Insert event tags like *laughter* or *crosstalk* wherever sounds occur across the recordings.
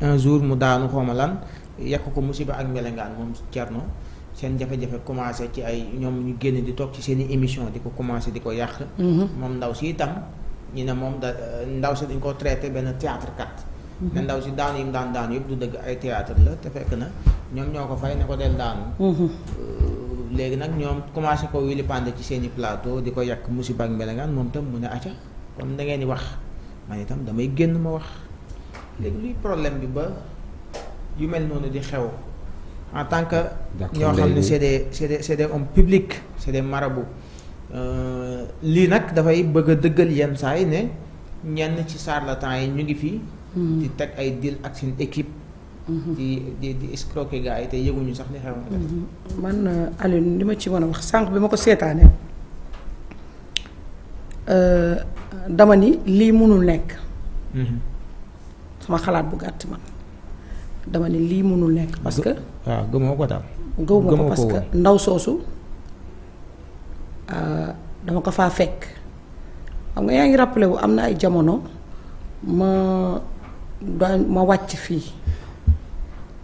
un jour mu daanu xawma lan yàq ko musiba ak melengaan moom Thierno seen jafe-jafe commencé ci ay ñoom ñu génn di toog ci seen émission di ko commencé di ko yàq mm-hmm. moom ndaw si itam ñu ne moom da ndaw si dañ ko traité benn théâtre kat mm-hmm. ne ndaw si daanu yi mu daan daanu yëpp du dëgg ay théâtre la te fekk na ñoom ñoo ko fay ne ko del daanu mm-hmm. euh, léegi nag ñoom commencé ko wili ci seen i plateau di ko yàq musiba ak melengaan moom tam mu ne aca comme da ngeen di wax man itam damay génn ma léegi luy problème bi ba yu mel noonu di xew en tant que ñoo xam ne c'est des c'est des c'est des hommes publics c'est des marabu euh, lii nag dafay bëgg a dëggal yenn saa yi ne ñenn ci charlatan yi ñu ngi fii hmm. di teg ay deal ak seen équipe hmm. di di di escroquer gars yi te yëguñu sax ni xew hmm. man euh, Alioune li ma ci mën a wax sànq bi ma ko seetaanee euh, dama ni lii mënul nekk sama xalaat bu gàtt man dama ne lii mënul nekk parce que. waaw gëmoo ko tam. gëw ko parce que ndaw soosu euh, dama ko faa fekk. xam nga yaa ngi rappelé wu am na ay jamono ma daan ma wàcc fii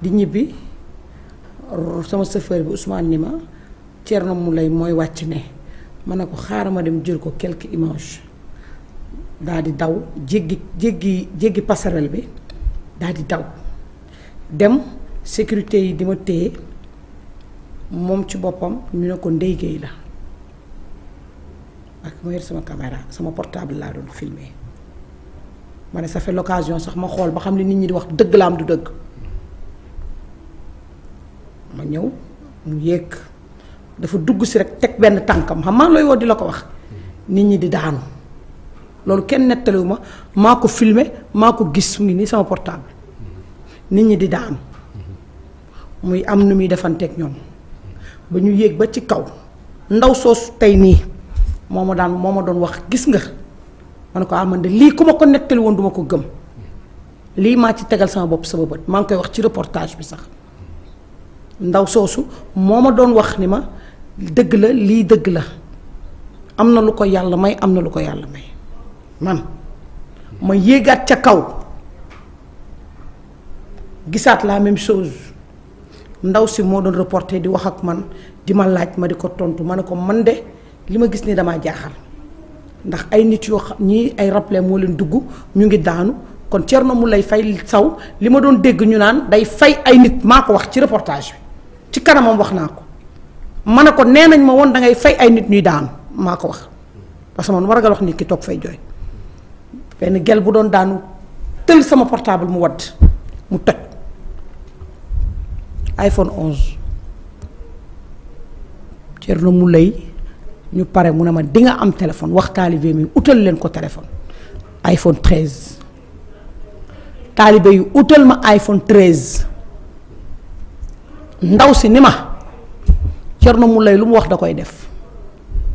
di ñibbi sama chauffeur bi Ousmane ni ma na mu lay mooy wàcc ne ma ne ko xaaral ma dem jël ko quelques image daa di daw jéggi jéggi jéggi passerelle bi daa di daw dem sécurité yi di ma téye moom ci boppam ñu ne ko Ndeye Gueye la ak ma yor sama caméra sama portable laa doon filmer ma ne ça fait l'occasion sax ma xool ba xam ne nit ñi di wax dëgg la am du dëgg ma ñëw mu yéeg dafa dugg si rek teg benn tànkam xam maa looy woo di la ko wax nit ñi di daanu loolu kenn nettaliwu ma maa ko filme maa ko gis mu ngi nii sama portable nit ñi di daanu muy am nu muy defanteeg ñoom ba ñu yéeg ba ci kaw ndaw soosu tey nii moo ma daan moo ma doon wax gis nga man ne ko am ah, man de lii ku ma ko nettali woon duma ko gëm lii maa ci tegal sama bopp sama bët maa ngi koy wax ci reportage bi sax ndaw soosu moo ma doon wax ni ma dëgg la lii dëgg la am na lu ko yàlla may am na lu ko yàlla may. man ma yéegaat ca kaw gisaat la même chose ndaw si moo doon reporté di wax ak man di ma laaj ma di ko tontu ma ne ko man de li ma gis ni damaa jaaxal ndax ay nit yoo ñii ay rappelé moo leen dugg ñu ngi daanu kon Thierno Moulay Faye Sow li ma doon dégg ñu naan day fay ay nit maa ko wax ci reportage ci kanamam wax naa ko ma ne ko nee nañ ma woon da ngay fay ay nit ñuy daanu maa ko wax parce que man ma ragal wax nit ki toog fay jooy. benn gel bu doon daanu tël sama portable mu wadd mu toj iPhone 11 Thierno Moulay ñu pare mu ne ma dinga am téléphone wax taalibe mi utal leen ko téléphone iPhone 13 taalibe yu utal ma iPhone 13 ndaw si ni ma Thierno Moulay lu mu wax da koy def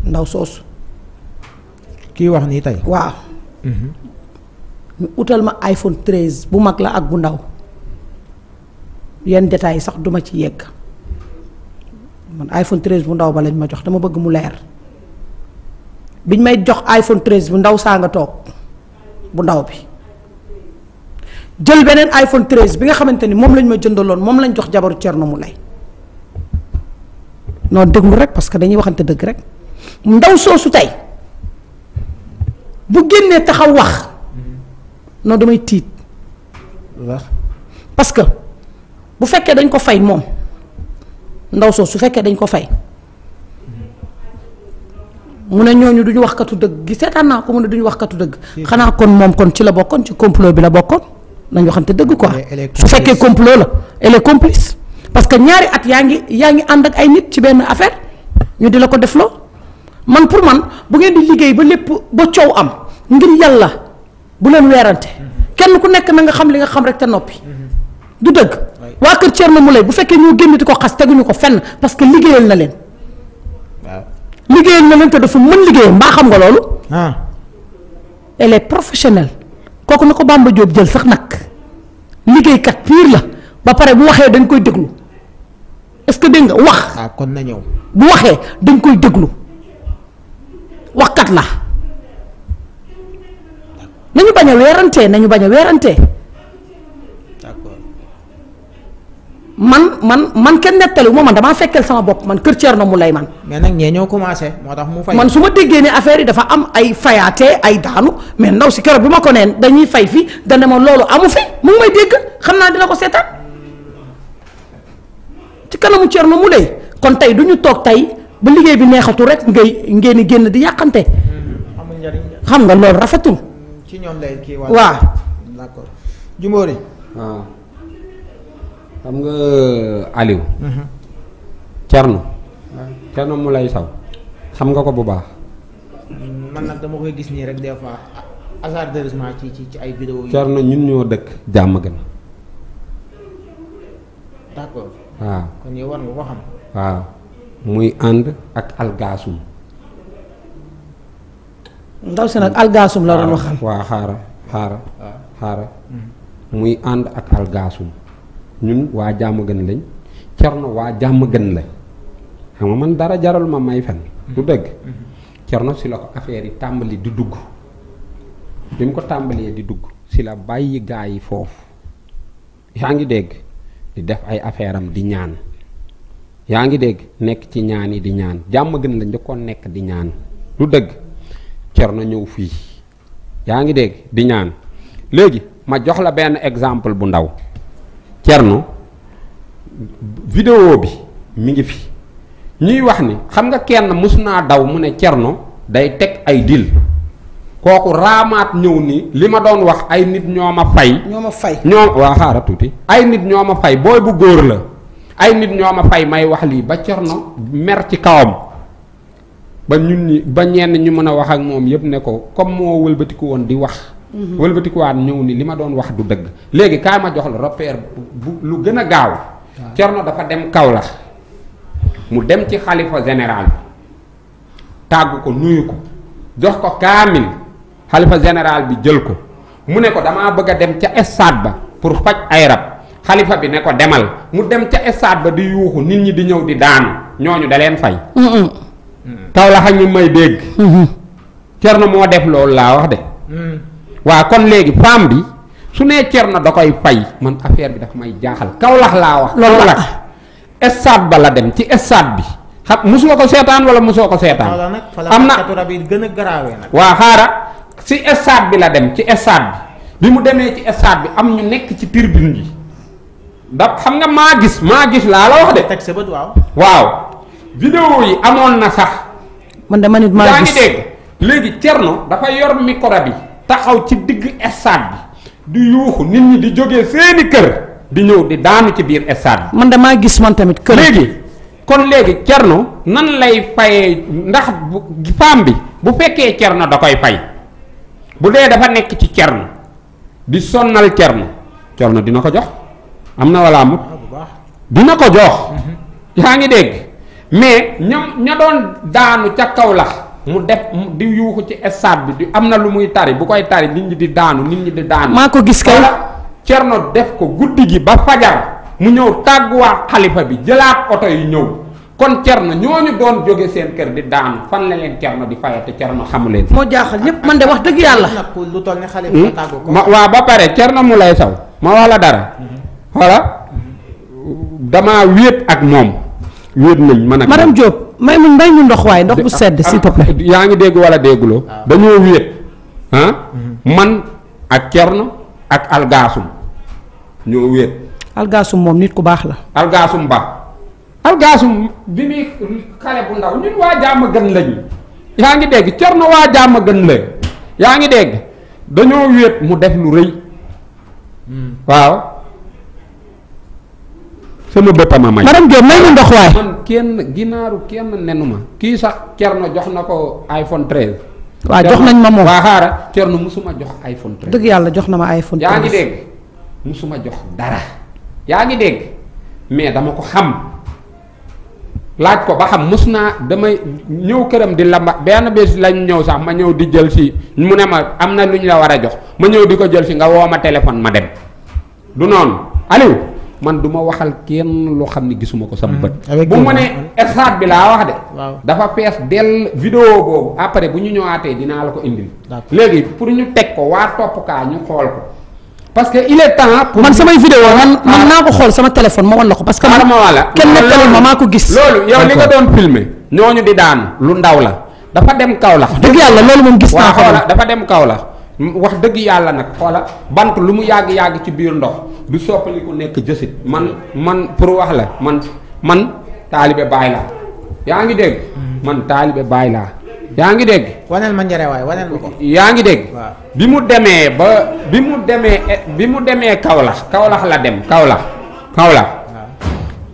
ndaw soosu. kii wax nii tey waaw. ñu utal ma iPhone traise bu mag la ak bu ndaw yenn détails yi sax duma ci yegg man iPhone 13 bu ndaw ba lañ ma jox dama bëgg mu leer biñ may jox iPhone 13 bu ndaw saa nga toog bu ndaw bi jël beneen iPhone 13 bi nga xamante ni moom lañ ma jëndaloon moom lañ jox jabaru Thierno noon noonu mu rek parce que dañuy waxante dëgg rek ndaw soosu tey. bu génnee taxaw wax non damay tiit parce que bu fekkee dañ ko fay moom ndaw soo su fekkee dañ ko fay mu ne ñooñu duñu wax katu dëgg gi seetaan naa ko mu ne duñu wax katu dëgg xanaa kon moom kon ci la bokkoon ci complot bi la bokkoon nañu waxante dëgg ko quoi su fekkee complot la elle est complice parce que ñaari at yaa ngi yaa ngi ànd ak ay nit ci benn affaire ñu di la ko defloo man pour man bu ngeen di liggéey ba lépp ba coow am ngir yàlla bu leen weerante kenn ku nekk na nga xam li nga xam rek te noppi du dëgg waa kër Thierno Moulay bu fekkee ñoo génn di ko xas teguñu ko fenn parce que liggéeyal na leen liggéeyal na leen te dafa mën liggéeyam mbaa xam nga loolu ah. elle est professionnelle kooku na ko Bamba Diop jël sax nag liggéeykat piir la ba pare bu waxee dañ koy déglu est-ce que dégg nga wax ah, kon na ñëw bu waxee dañ koy déglu waxkat la nañu bañ a weerantee nañu bañ a weerante d'accord man man man kenn nettali ma man damaa fekkeel sama bopp man kër Thierno Moulay man. mais nag ñee ñoo commencé moo tax mu fay. man su ma déggee ne affaire yi dafa am ay fayaatee ay daanu mais ndaw si keroog bi ma ko neen dañuy fay fi dana ma loolu amu fi mu ngi may xam naa dina ko seetaan ci kanamu Thierno Moulay kon tey du ñu toog tey ba liggéey bi neexatul rek ngay ngeen di génn di yàqante. xam nga loolu rafetul. ci ñoom lay kii xam nga euh, Aliou mhm. Thierno Thierno mu lay saw xam nga ko bu baax man nag dama koy gis nii rek des fois hasardeusement ci ci ci ay vidéo yi Thierno ñun ñoo dëkk jàmm gën d'accord kon yow war nga ko xam waaw muy ànd ak algaasum ndaw si nag algaasum la doon waxal. xaaral xaaral. Ah. Hmm. muy ànd ak algaasum ñun waa jàmm gën lañ cerno waa jàmm gën la xam nga man dara jaral ma may fen hmm. du dëgg hmm. cerno si la ko affaire yi tàmbali di dugg bi mu ko tàmbalee di dugg si la bàyyi gaa yi foofu yaa ngi dégg di def ay affaire am di ñaan yaa ngi dégg nekk ci ñaan yi di ñaan jàmm gën la ko nekk di ñaan du dëgg Cerno ñëw fii yaa ngi dégg di ñaan léegi ma jox la benn exemple bu ndaw Cerno vidéo bi mi ngi fi ñuy wax ni xam nga kenn mus naa daw mu ne Cerno day teg ay dil kooku raamaat ñëw ni li ma doon wax ay nit ñoo ma fay. ñoo ma fay ñoo tuuti. ay nit ñoo ma fay booy bu góor la ay nit ñoo ma fay may wax lii ba Cerno mer ci kawam. ba ñun ñi ba ñenn ñu mën a wax ak moom yëpp ne ko comme moo wëlbatiku woon di wax. Mm-hmm. wëlbatikuwaat ñëw ni li ma doon wax du dëgg. léegi kaay ma jox la repère bu lu gën a gaaw. Cerno dafa dem Kaolack mu dem ci xalifa général bi ko nuyu ko jox ko kaamil xalifa général bi jël ko mu ne ko damaa bëgg a dem ca stade ba pour faj ay rab xalifa bi ne ko demal mu dem ca stade ba di yuuxu nit ñi di ñëw di daanu ñooñu da leen fay. Kaolack ak ñu may dégg. Mhm. na moo def loolu laa wax de. Mhm. waaw kon léegi femme bi su nee cer na da koy fay man affaire bi dafa may jaaxal Kaolack laa wax. loolu la ba la dem ci stade bi. xam mosoo ko seetaan wala mosoo ko seetaan. am na gën a garaawe nag. waa xaara si stade bi la dem ci stade bi mu demee stade bi am ñu nekk ci tribune yi da xam nga maa gis maa gis laa la wax de. waaw vidéo yi amoon na sax. man dama nit maa gis yaa ngi dégg léegi Thierno dafa yor micro bi taxaw ci digg stade bi di yuuxu nit ñi di jógee seeni kër di ñëw di daanu ci biir stade bi. man damaa gis man tamit kër léegi. kon léegi Thierno nan lay fayee ndax bu bi bu fekkee Thierno da koy fay bu dee dafa nekk ci Thierno di sonnal Thierno Thierno dina ko jox am na wala amut ah, dina ko jox mhm. yaa ngi dégg. mais ñam ña doon daanu ca kaw la mu def di yuuxu ci stade bi di am na lu muy tari bu koy tari nit ñi di daanu nit ñi di daanu. maa ko gis kay Cerno def ko guddi gi ba fajar mu ñëw tàgguwaat xalifa bi jëlaat oto yi ñëw kon Cerno ñooñu doon jóge seen kër di daanu fan la leen Cerno di fayate Cerno xamu leen. moo jaaxal ñëpp man de wax dëgg yàlla. lu toll ne xale bi ko. ma waaw ba pare Cerno mu lay saw ma wax la dara. voilà mhm. mhm. damaa wéet ak moom. wéet nañ man ak madame Diop may mu mbay mu ndox waaye ndox bu sedd s'il te plaît ah, yaa ngi dégg wala dégguloo ah. dañoo wéet ah mm-hmm. man ak Cerno ak Algasum ñoo wéet Algasum moom nit ku baax la Algasum ba Algasum bi muy xale bu ndaw ñun waa jàmm gën lañu yaa ngi dégg Cerno waa jàmm gën la yaa ngi dégg dañoo wéet mu def lu rëy mm. waaw sama bépp ma may. madame Diop may ñu ndox waay. man kenn ginaaru kenn nenu ma. kii sax Thierno jox na ko iPhone 13. waaw jox nañ ma moom waaw xaaral Thierno musuma jox iPhone 13. dëgg yàlla jox na ma iPhone 13 yaa ngi dégg musuma jox dara. yaa ngi dégg mais dama ko xam laaj ko ba xam mus naa damay ñëw këram di lamba benn bés lañ ñëw sax ma ñëw di jël si mu ne ma am na lu ñu la war a jox ma ñëw di ko jël si nga woo ma téléphone ma dem du noonu man du ma waxal kenn loo xam ne gisuma ko sama hmm. bët bu ma ne stade bi laa wax de dafa fees dell vidéo boobu après bu ñu ñëwaatee dinaa la ko indil léegi pour ñu teg ko waa topp kaa ñu xool ko parce que il est temps man samay vidéo man man ah. naa ko xool sama téléphone ma wan la ko parce que man kenn nettali ma maa ko gis loolu yow li nga doon filmer ñooñu di daan lu ndaw la dafa dem kaw la dëgg yàlla loolu moom gis naa ko dafa dem kaw la wax dëgg yàlla nag xoola bant lu mu yàgg-yàgg ci biir ndox du soppali ku nekk jësit man man pour wax la man man taalibe baay laa yaa ngi dégg mm. man taalibe baay laa yaa ngi dégg waneel ma njëre waay waneel ko yaa ngi dégg bi mu demee ba bi mu demee eh, bi mu demee Kaolack Kaolack la dem Kaolack Kaolack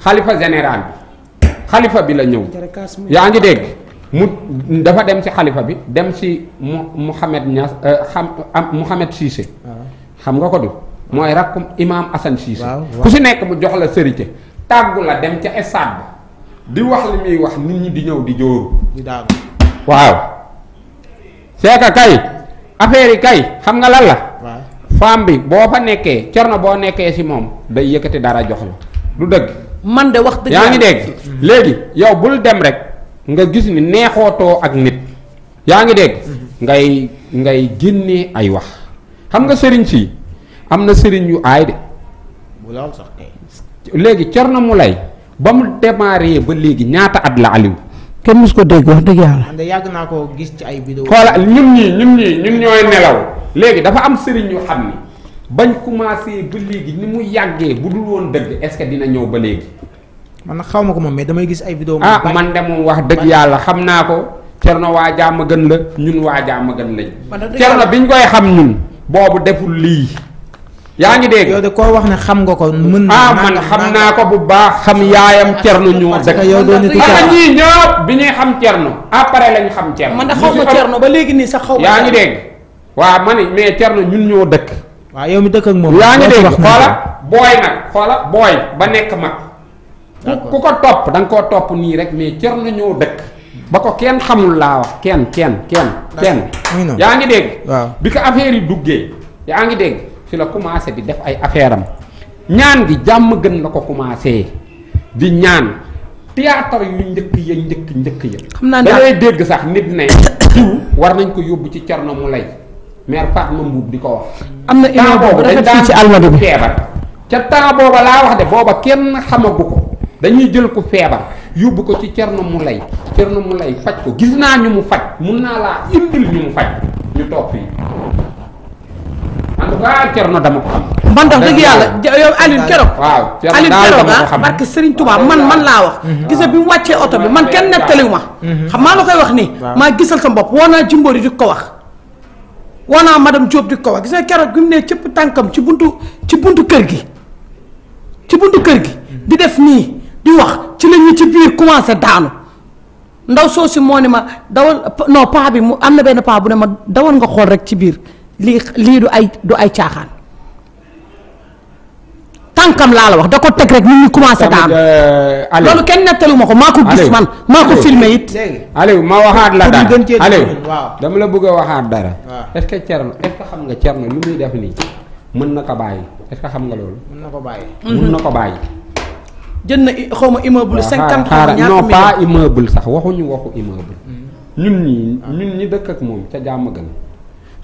xalifa général bi xalifa bi la ñëw yaa ngi dégg mu dafa dem ci xalifa bi dem ci Mouhamed Niass eh, xam Mouhamed Cissé xam nga ko du mooy rakkum imaam Assane Cissé. ku si nekk mu jox la sérité tàggu la dem ca stade ba di wax li muy wax nit ñi di ñëw di jóoru waaw. c'est kay affaire yi kay xam nga lan la. femme bi boo fa nekkee corno boo nekkee si moom day yëkkati dara jox la du dëgg. man de wax dëgg yaa ngi dégg léegi yow bul dem rek nga gis ni neexootoo ak nit yaa ngi dégg. Mm-hmm. ngay ngay génnee ay wax xam nga sëriñ si. am na sëriñ yu aay de. bu lool sax kay. léegi Thierno ba mu démarré ba léegi ñaata at la Aliou. kenn mus ko dégg wax dëgg yàlla. man de yàgg naa ko gis ci ay vidéo. xoola ñun ñii ñun ñii ñun ñooy nelaw léegi dafa am sëriñ yu xam ni bañ commencé ba léegi ni mu yàggee bu dul woon dëgg est dina ñëw ba léegi. man na xaw ma ko moom mais damay gis ay vidéo. ah man de moom wax dëgg yàlla xam naa ko. cerno waa jaama gën la ñun waa jàmm gën lañ. cerno biñ koy xam ñun. boobu yaa ngi dégg yow de koo wax ne xam nga ko mën ah man xam naa ko bu baax xam yaayam cernu ñu dëkk yow doo nitu cernu ñii ñëpp bi ñuy xam cernu après lañ xam cernu man da xaw ma ba léegi nii sax yaa ngi dégg waaw man mais cernu ñun ñoo dëkk waaw yow mi dëkk ak moom yaa ngi dégg xoola booy nag xoola booy ba nekk mag ku ko topp danga ko topp nii rek mais cernu ñoo dëkk ba ko kenn xamul laa wax kenn kenn kenn kenn yaa ngi dégg waaw bi ko affaire yi duggee yaa ngi dégg fi la commencé di def ay affaire am ñaan gi jàmm gën la ko commencé di ñaan théâtre yu njëkk ya njëkk njëkk ya. xam naa da ngay dégg sax nit ne jiw *coughs* war nañ ko yóbbu ci Thierno Moulay maire Fatma Mbuub di ko wax. am na émission boobu rafet fii ci almadu bi feebar. ca temps booba laa wax de booba kenn xamagu ko dañuy jël ko feebar yóbbu ko ci mu Thierno Moulay mu Moulay faj ko gis naa ñu mu faj mun naa laa indil ñu mu faj ñu topp fii. waaw Thierno dama ko xam. man tax dëgg yàlla yow Alioune Keroog. waaw Thierno daal dama ko ah, man man laa wax. gis bi mu wàccee oto bi man kenn nettaliwu ma. xam maa la koy wax nii. maa gisal sa bopp woo naa Jimbori di ko wax. woo naa madame Diop di ko wax gis nga Keroog mu ne cëpp tànkam ci buntu ci buntu kër gi. ci buntu kër gi. Mm-hmm. di def nii di wax ci la ñu ci biir commencé daanu. ndaw soosu moo ne ma dawal non paa bi mu am na benn paa bu ne ma dawal nga xool rek ci biir. lii lii du ay du ay caaxaan tànkam laa la wax da ko teg rek nit ñi commencé daanu. Euh, loolu kenn nettalu ma ko maa ko gis man. maa ko filmé it. Aliou ma waxaat la dara Aliou dama la bëgg a waxaat dara. est-ce que Thierno est xam nga Thierno lu muy def nii mën na ko bàyyi est-ce que xam nga loolu. mën na ko bàyyi. mën na ko xaw ma immeuble cinquante xaar non sax waxuñu waxu immeuble. Mm. ñun ñii ñun ñi dëkk ak moom ca jàmm gën.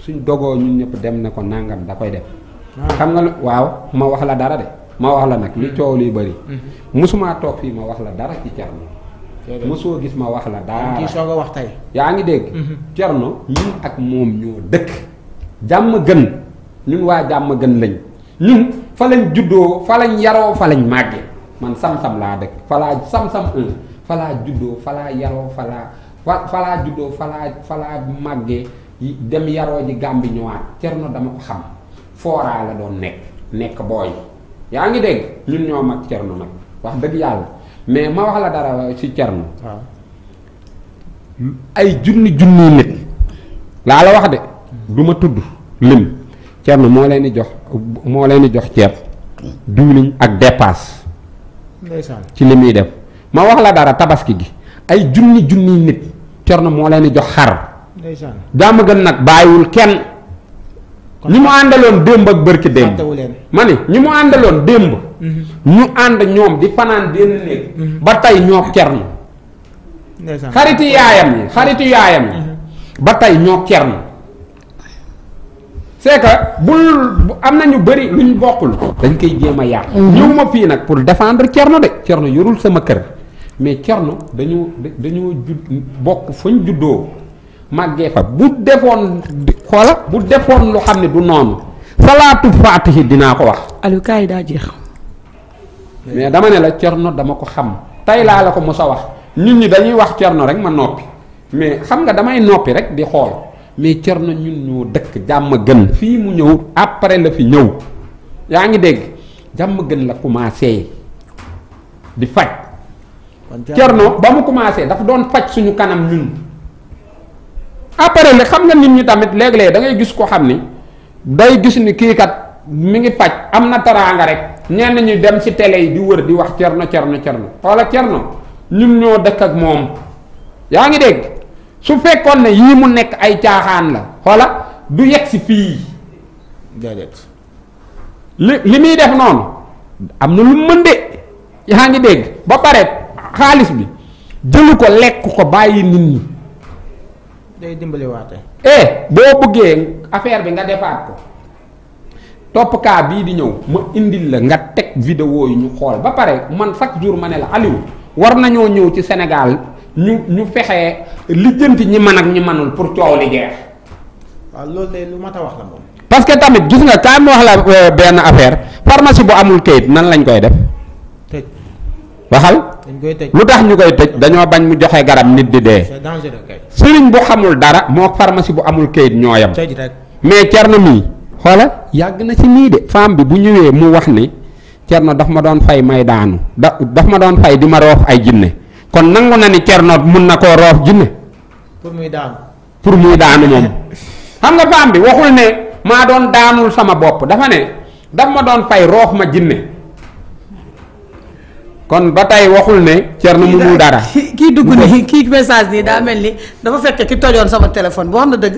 suñ dogoo ñun ñëpp dem ne ko nangam da koy def ah. xam nga waaw ma wax la dara de ma wax la nag li hmm. coow liy bëri mosumaa hmm. toog fii ma wax la dara ci Cerno mosoo gis ma wax la dara kii a wax tey yaa ngi dégg Cerno hmm. ñun ak moom ñoo dëkk jàmm gën ñun waa jàmm gën lañ ñun fa juddoo fa lañ yaroo fa lañ màggee man sam-sam laa dëkk fa laa sam-sam un fa laa juddoo falaa laa yaroo fa laa juddoo fa laa fa màggee dem yaroo ji gàmbi ñëwaat Cerno dama ko xam fooraa la doon nekk nekk booy yaa ngi dégg ñun ñoo mag Cerno nag wax dëgg yàlla mais ma wax la dara ci Cerno ay junni junni la wax de hmm. du ma tudd lim moo leen di jox moo leen di jox ceeb diwlin ak dépasse ndeysaan ci li muy dem ma wax la dara tabaski gi ay junni junni nit Cerno moo leen di jox xar jàmm gën nag bàyyiwul kenn ñi mu àndaloon démb ak bërki démb ma ni ñi mu àndaloon démb mhm. ñu ànd ñoom di fanaan benn néeg mhm. ba tey ñoo cernu xaritu yaayam yi xaritu yaayam yi mhm. ba tey ñoo cernu c'est que bul am na ñu bëri luñ bokkul dañ koy jéem a yàq ñëw ma fii nag pour défendre cernu de cernu yorul sama kër mais cernu dañu dañoo judd bokk fañ juddoo màggee fa bu defoon xoola bu defoon lu xam ne du noonu salaatu faatihi dinaa ko wax. Aliou kaay daa jeex. mais dama ne la cerno dama ko xam tey laa la ko mos sa wax nit ñi dañuy wax cerno rek ma noppi mais xam nga damay noppi rek di xool mais cerno ñun ñoo dëkk jàmm gën fii mu ñëw après la fi ñëw yaa ngi dégg jàmm gën la commencé di faj. cerno ba mu commencé dafa doon faj suñu kanam ñun. après nag xam nga nit ñi tamit léeg-léeg da gis ko xam ni day gis ni kii kat mi ngi faj am na taraanga rek ñenn ñu dem ci télé yi di wër di wax cerno cerno cerno xoola cerno ñun ñoo dëkk ak moom yaa ngi dégg su fekkoon ne yii mu nekk ay caaxaan la xoola du yegg si fii li li muy def noonu am na lu mën de yaa ngi dégg ba pare xaalis bi jëlu ko lekk ko bàyyi nit ñi day dimbaliwaate. eh boo bëggee affaire bi nga defaat ko topp kaa bii di ñëw ma indil la nga teg vidéo yi ñu xool ba pare man chaque jour ma ne la Aliou war nañoo ñëw ci Sénégal ñu ñu fexe lijjanti ñi mën ak ñi mënul pour coow li jeex. loolu de lu mat a wax la moom. parce que tamit gis nga kaay ma wax la euh, benn affaire pharmacie bu amul kayit nan lañ koy def. waxal lu tax ñu koy tëj dañoo bañ mu joxe garab nit di dee sëriñ bu xamul dara moo pharmacie bu amul kayit ñooyam mais Thierno mii xoola yàgg na ci nii de femme bi bu ñëwee mu wax ni Thierno daf ma doon fay may daanu da daf ma doon fay di ma roof ay jinne kon nangu na ni Thierno mun na koo roof jinne pour muy daanu pour muy daanu moom xam nga femme bi waxul ne maa doon daanul sama bopp dafa ne daf ma doon fay roof ma jinne kon ba tey waxul ne. Thierno mënul dara kii dugg nii kii message nii daa mel ni dafa fekk ki tojoon sama téléphone boo xam ne dëgg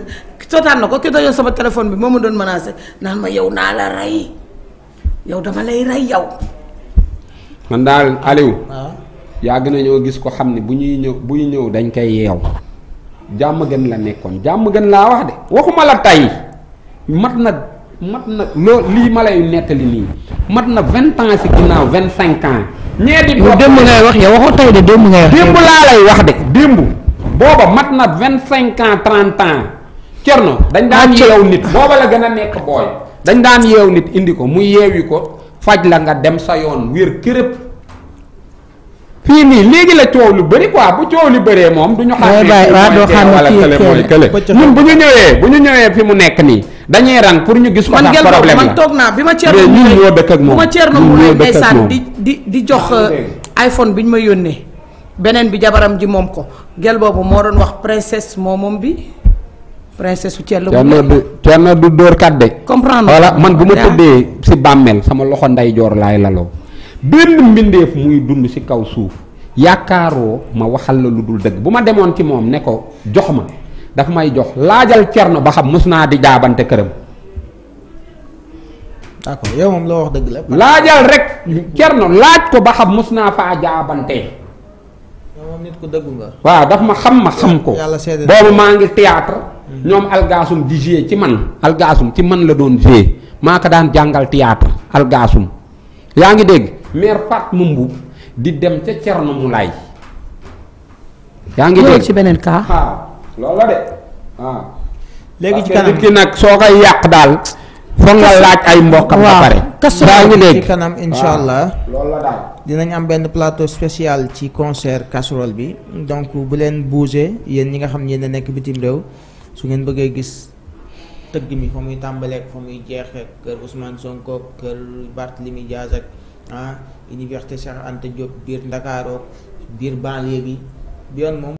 sootaan na ko ki tojoon sama téléphone bi moo ma doon menacé naan ma yow naa la rey yow dama lay rey yow. man daal Aliou. waaw ah. yàgg nañoo gis ko xam ne bu ñuy ñëw buy ñëw dañ koy yeew. jàmm gën la nekkoon jàmm gën laa wax de waxuma la tey mat na mat na loo lii ma lay nettali nii mat na vingt ans ci ginnaaw vingt cinq ans. ñee di topp démb ngay wax yow waxoo tey de démb ngay wax. démb laa lay wax de démb. booba mat na vingt cinq ans trente cerno dañ daan yeew nit booba la gën a nekk booy. dañ daan yeew nit indi ko mu yeewi ko faj la nga dem sa yoon wér kërëb. fii nii léegi la coow lu bari ko bu coow li baree moom. du ñu xam ne wala kële mooy kële ñun bu ñu ñëwee bu ñu ñëwee fi mu nekk nii. dañuy rang pour ñu gis ko ndax problème man toog naa bi ma Thierno Moulé ñoo dëkk ak moom ma Thierno Moulé ndeysaan di di jox euh, iPhone bi ñu ma yónnee beneen bi jabaram ji moom ko gel boobu moo doon wax princesse moo moom bi princesse su Thierno Moulé Thierno du dóor kat de voilà man bu ma tëddee si bàmmeel sama loxo ndeyjoor laay laloo benn mbindeef muy dund si kaw suuf yaakaaroo ma waxal la lu dul dëgg bu ma demoon ci moom ne ko jox ma daf may jox laajal cerno ba xam mos naa di jaabante këram. yow moom loo wax la. laajal rek cerno laaj ko ba xam mos naa faa jaabante. moom nit ku waaw daf ma xam ma xam ko. yàlla seede boobu maa ngi théâtre hmm. ñoom algaasum di jouer ci man. algaasum ci man la doon jouer maa ko daan jàngal théâtre algaasum yaa ngi dégg mère Faat Mumbu di dem ca cerno mu laay. yaa ngi dégg ci beneen cas. loola de ah. nag soo koy yàq daal. foog nga laaj ay mbokkam. ba pare daa kanam incha ah. allah. loolu dinañ am benn plateau spécial ci concert casserole bi donc bu leen bouger yéen ñi nga xam ne nekk bitim réew su ngeen bëggee gis. tëgg mi fa muy tàmbaleek fa muy jeexee kër Ousmane Sonko kër Barthélemy Dias ak ah université Cheikh Anta Diop biir Ndakaaroo biir banlieue bi yoon moom